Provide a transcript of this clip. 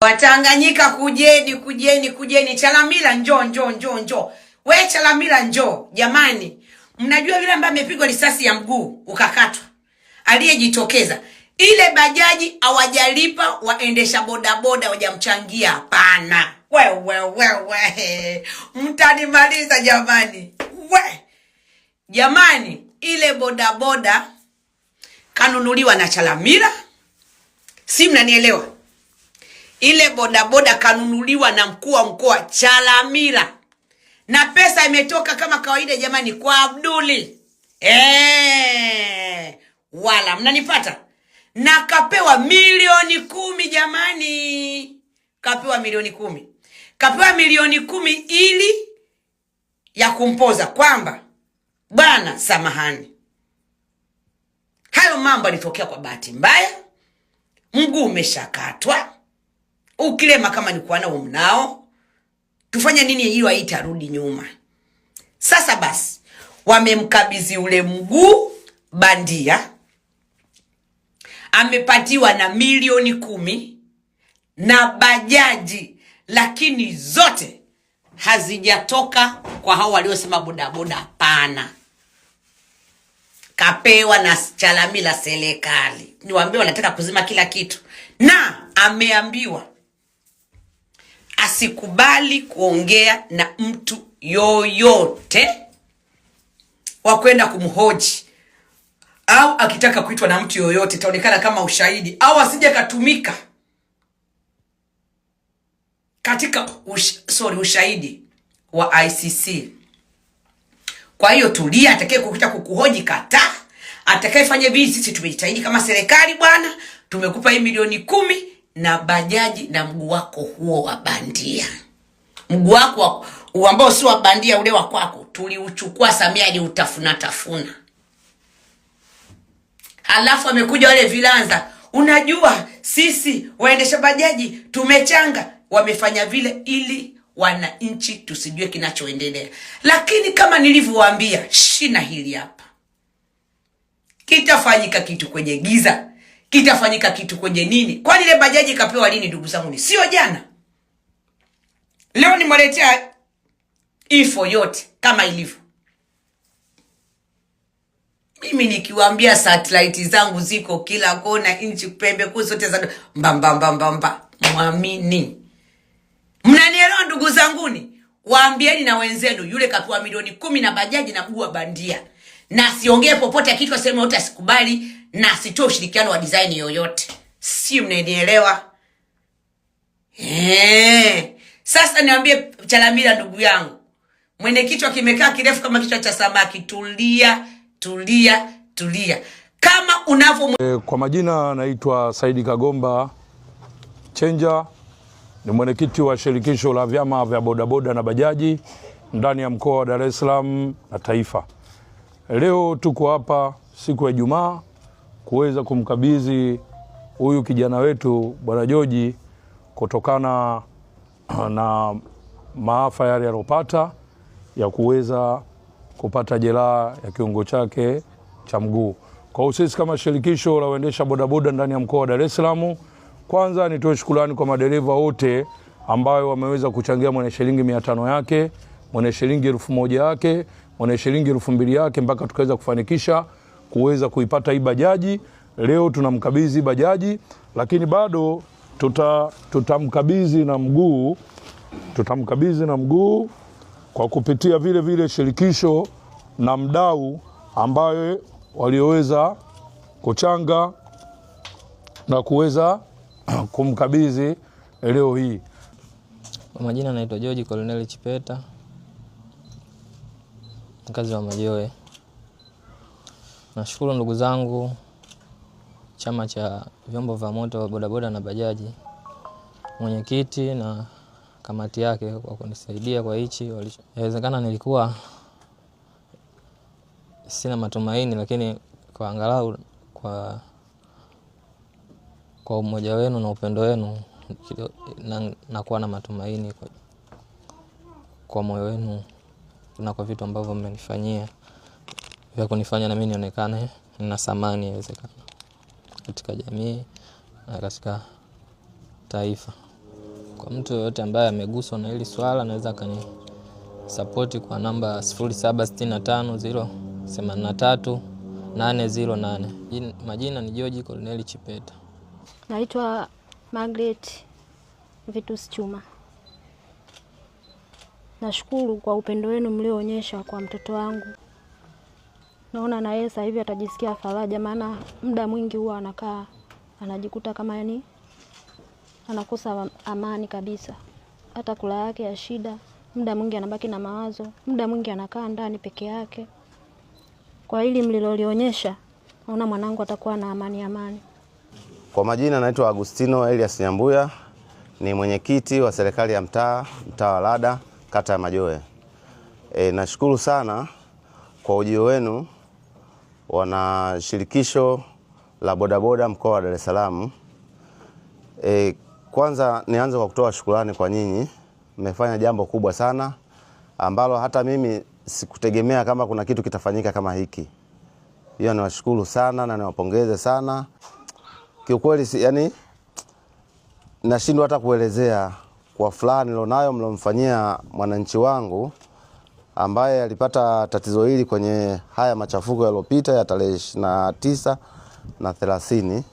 Watanganyika kujeni, kujeni, kujeni. Chalamila njoo, njoo, njoo, njoo. We Chalamila njoo, jamani. Mnajua yule ambaye amepigwa risasi ya mguu ukakatwa, aliyejitokeza ile bajaji awajalipa waendesha bodaboda, wajamchangia hapana. Wewe wewe, mtanimaliza jamani, we jamani, ile bodaboda kanunuliwa na Chalamila, si mnanielewa? ile bodaboda kanunuliwa na mkuu wa mkoa Chalamila na pesa imetoka kama kawaida, jamani, kwa Abduli eee, wala mnanipata, na kapewa milioni kumi jamani, kapewa milioni kumi, kapewa milioni kumi ili ya kumpoza kwamba bwana, samahani, hayo mambo yalitokea kwa bahati mbaya, mguu umeshakatwa Ukilema kama ni nao mnao, tufanye nini hiyo haitarudi nyuma. Sasa basi wamemkabidhi ule mguu bandia, amepatiwa na milioni kumi na bajaji, lakini zote hazijatoka kwa hao waliosema bodaboda. Hapana, kapewa na chalami la serikali. Niwaambie wanataka kuzima kila kitu, na ameambiwa asikubali kuongea na mtu yoyote wa kwenda kumhoji au akitaka kuitwa na mtu yoyote itaonekana kama ushahidi au asije katumika katika ush, sorry, ushahidi wa ICC. Kwa hiyo tulia, atakaye kukuta kukuhoji kata atakayefanya hivi, sisi tumejitahidi kama serikali bwana, tumekupa hii milioni kumi na bajaji na mguu wako huo wa bandia, mguu wako ambao si wa bandia, ule wa kwako tuliuchukua, Samia aliutafuna tafuna, alafu amekuja wale vilanza, unajua sisi waendesha bajaji tumechanga. Wamefanya vile ili wananchi tusijue kinachoendelea, lakini kama nilivyowaambia, shina hili hapa kitafanyika kitu kwenye giza kitafanyika kitu kwenye nini? Kwani ile bajaji ikapewa lini? Ndugu zangu, ni sio jana. Leo nimwaletea info yote kama ilivyo. Mimi nikiwaambia satellite zangu ziko kila kona nchi pembe kuu zote za mbambambambamba, mwamini. Mnanielewa ndugu zanguni? Waambieni na wenzenu, yule kapewa milioni kumi na bajaji na mguu wa bandia na siongee popote kitu aseme yoyote asikubali na sitoe ushirikiano wa design yoyote, si mnanielewa? Eh, sasa niambie Chalamila, ndugu yangu mwenye kichwa kimekaa kirefu kama kichwa cha samaki, tulia tulia tulia kama unavyo. Eh, kwa majina naitwa Saidi Kagomba Chenja, ni mwenyekiti wa shirikisho la vyama vya bodaboda na bajaji ndani ya mkoa wa Dar es Salaam na taifa. Leo tuko hapa siku ya Ijumaa kuweza kumkabidhi huyu kijana wetu Bwana Joji kutokana na maafa yale yaliyopata ya kuweza kupata jeraha ya kiungo chake cha mguu. Kwa hiyo sisi kama shirikisho la waendesha bodaboda ndani ya mkoa wa Dar es Salaam, kwanza nitoe shukrani kwa madereva wote ambayo wameweza kuchangia mwenye shilingi mia tano yake mwenye shilingi elfu moja yake wana shilingi elfu mbili yake mpaka tukaweza kufanikisha kuweza kuipata hii bajaji. Leo tunamkabidhi bajaji, lakini bado tutamkabidhi na mguu tutamkabidhi na mguu kwa kupitia vile vile shirikisho na mdau ambaye walioweza kuchanga na kuweza kumkabidhi leo hii. Kwa majina anaitwa George Colonel Chipeta. Mkazi wa Majoe. Nashukuru ndugu zangu chama cha vyombo vya moto bodaboda na bajaji, mwenyekiti na kamati yake kwa kunisaidia kwa hichi. Inawezekana nilikuwa sina matumaini, lakini kwa angalau kwa kwa umoja wenu na upendo wenu nakuwa na matumaini kwa, kwa moyo wenu na kwa vitu ambavyo mmenifanyia vya kunifanya na mimi nionekane nina samani iwezekana katika jamii na katika taifa. Kwa mtu yoyote ambaye ameguswa na hili swala anaweza akanisapoti kwa namba 0765083808. Majina ni George korneli Chipeta. Naitwa Margaret Vitus Chuma. Nashukuru kwa upendo wenu mlioonyesha kwa mtoto wangu. Naona na yeye sasa hivi atajisikia faraja, maana muda mwingi huwa anakaa anajikuta kama yani anakosa amani kabisa, hata kula yake ya shida. Muda mwingi anabaki na mawazo, muda mwingi anakaa ndani peke yake. Kwa hili mlilolionyesha, naona mwanangu atakuwa na amani amani. Kwa majina naitwa Agustino Elias Nyambuya, ni mwenyekiti wa serikali ya mtaa mtaa wa Lada kata ya Majoe. E, nashukuru sana kwa ujio wenu wana shirikisho la bodaboda mkoa wa Dar es Salaam. E, kwanza nianze kwa kutoa shukurani kwa nyinyi, mmefanya jambo kubwa sana ambalo hata mimi sikutegemea kama kuna kitu kitafanyika kama hiki. Hiyo niwashukuru sana na niwapongeze sana kiukweli, yani nashindwa hata kuelezea kwa furaha nilonayo mlomfanyia mwananchi wangu ambaye alipata tatizo hili kwenye haya machafuko yaliyopita ya tarehe ishirini na tisa na thelathini.